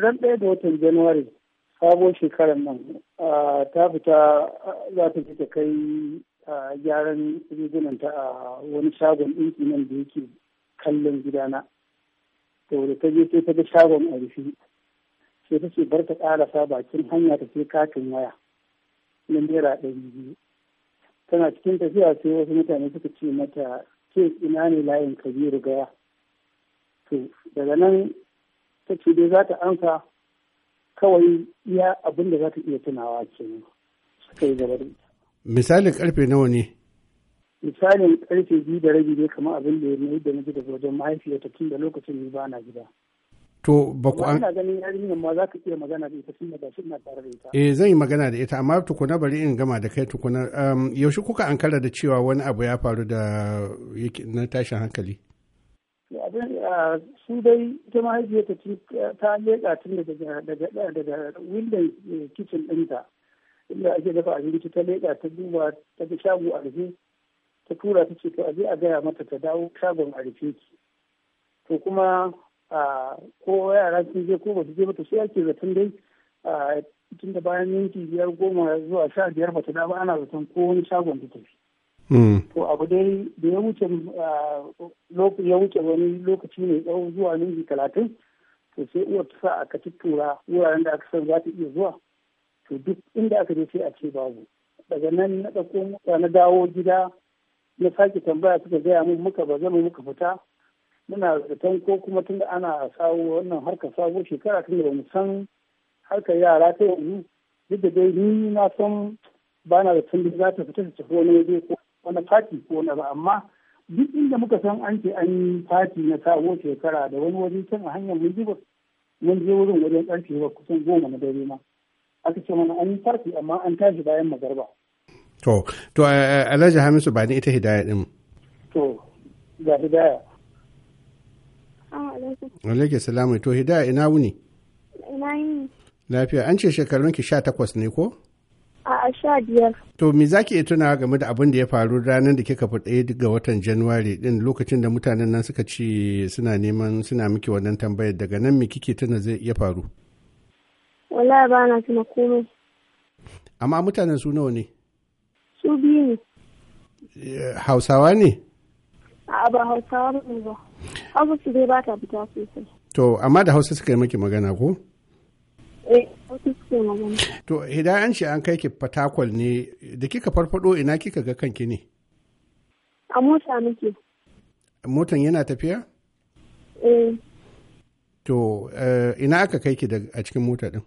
ran ɗaya da watan januwari sabon shekarar nan ta fita za ta fita kai gyaran rigunanta a wani shagon ɗinki nan da yake kallon gidana to da ta je sai ta ga shagon a rufe sai ta ce bar ta ƙarasa bakin hanya ta ce katin waya na naira ɗari biyu tana cikin tafiya sai wasu mutane suka ce mata ke ina ne layin kabiru gaya to daga nan ta ce dai za ta ansa kawai ya abin da za ta iya tunawa kenan suka yi gaba da Misalin karfe nawa ne? Misalin karfe biyu da rabi ne kamar abin da ya mai da na gida wajen mahaifiyarta tun da lokacin ne ba na gida. To ba ku an. Ina ganin yarinyar ma za ka iya magana da ita tun da ba shi na tare da ita. Eh zan yi magana da ita amma tukuna bari in gama da kai tukuna um, yaushe kuka ankara da cewa wani abu ya faru da na tashin hankali. su dai ta mahaifiyar ta ta leƙa tun daga windon eh, kicin ɗinta inda ake dafa abinci ta leƙa ta duba ta ga shago a rufe ta tura ta ce to aje a gaya mata ta dawo shagon a rufe ki to kuma ko yara sun je ko ba je mata sai ake zaton dai tun da bayan yanki biyar goma zuwa sha biyar ba ta dawo ana zaton ko wani shagon ta tafi to abu dai da ya wuce uh, ya wuce wani lokaci mai tsawo zuwa minti talatin to sai uwar ta sa aka tuttura wuraren da aka san za ta iya zuwa to duk inda aka je sai a ce babu daga nan na ɗauko na dawo gida na sake tambaya suka gaya mun muka ba zama muka fita muna zaton ko kuma tunda ana sawo wannan harkar sabo shekara tunda ba mu san harkar yara ta yanzu duk da dai ni na san ba na da da za ta fita ta tafi wani ko wani fati ko wani ba amma duk inda muka san an ce an yi fati na kawo shekara da wani waje can a hanyar mun jibar mun je wurin wajen ƙarfe ba kusan goma na dare ma aka ce mana an yi fati amma an tashi bayan magarba. to to eh, eh, alhaji hamisu ba ni ita hidaya din. to ga hidaya. alaikum salamu to hidaya ina wuni. ina yi. lafiya an ce shekarunki sha takwas ne ko. a sha biyar. To me za ki iya game da abin da ya faru ranar da kika fi ɗaya ga watan Januwari ɗin lokacin da mutanen nan suka ce suna neman suna miki wannan tambayar daga nan me kike tuna zai iya faru? Wala ba na tuna komai. Amma mutanen su nawa ne? Su biyu ne. Eh, Hausawa ne? A'a ba Hausawa ba ne ba. Hausa su dai ba ta fita sosai. To amma da Hausa suka yi maki magana ko? Eh, to idan an ce an kai ki fatakwal ne da kika farfado ina kika ga kanki ne? A mota muke. Motan yana tafiya? Eh. To eh, ina aka kai ki a cikin mota din?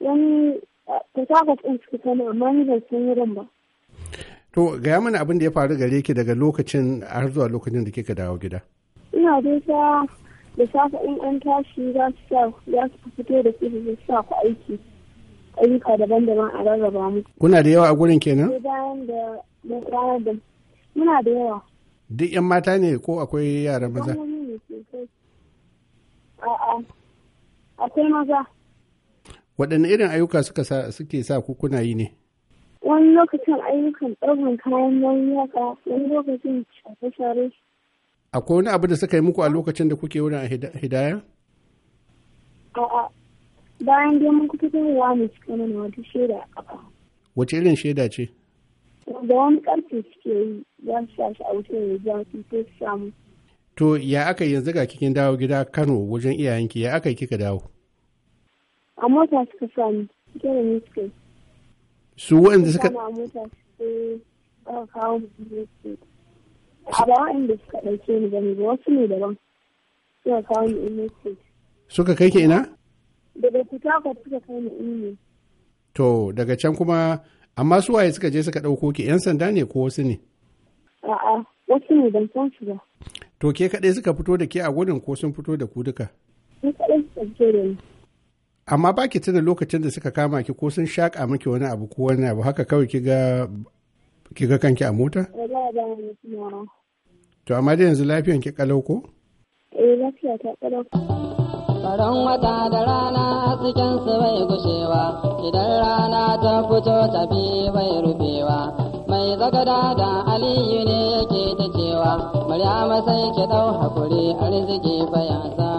Wani eh, fatakwal ɗin ciki kama amma ni ban san wurin ba. To gaya mana abin da ya faru gare ki daga lokacin har zuwa lokacin da kika dawo gida. Ina dai ta da safe in an tashi za su za su fito da su su sa ku aiki ayyuka daban-daban a rarraba mu. Kuna da yawa a gurin kenan? Bayan da da muna da yawa. Duk 'yan mata ne ko akwai yara maza? A'a, akwai maza. Waɗanne irin ayyuka suka sa suke sa ku kuna yi ne? Wani lokacin ayyukan ɗaukan kayan wani haka, wani lokacin shafe-shafe, akwai wani abu da suka yi muku a lokacin da kuke wurin a hidaya? bayan dai mun kuka kai wa ne suka mana wata shaida a kafa. wace irin shaida ce? da wani karfe suke yi za su sa shi a wutar da za su ko su samu. to ya aka yanzu ga kikin dawo gida kano wajen iyayenki ya aka yi kika dawo? a mota suka sami suke da ne su wanda suka. a mota suka kawo mu a ba suka ɗauke ni gani ba wasu ne daban suka kawo ni in suka kai ki ina daga kutakwa suka kai ni in to daga can kuma amma su waye suka je suka ɗauko ki yan sanda ne ko wasu ne a'a wasu ne ban san su ba to ke kaɗai suka fito da ke a gudun ko sun fito da ku duka kaɗai suka fito da ni amma ba ki tuna lokacin da suka kama ki ko sun shaƙa miki wani abu ko wani abu haka kawai ki ga kanki a mota? To amma dai yanzu lafiyan ki kalau ko? Eh lafiya ta kalau. Tsaron wata da rana cikin su bai gushewa, idan rana ta fito tafi bai rufewa. Mai zagada da Aliyu ne yake ta cewa, Maryama sai ki ɗau hakuri arziki bayansa.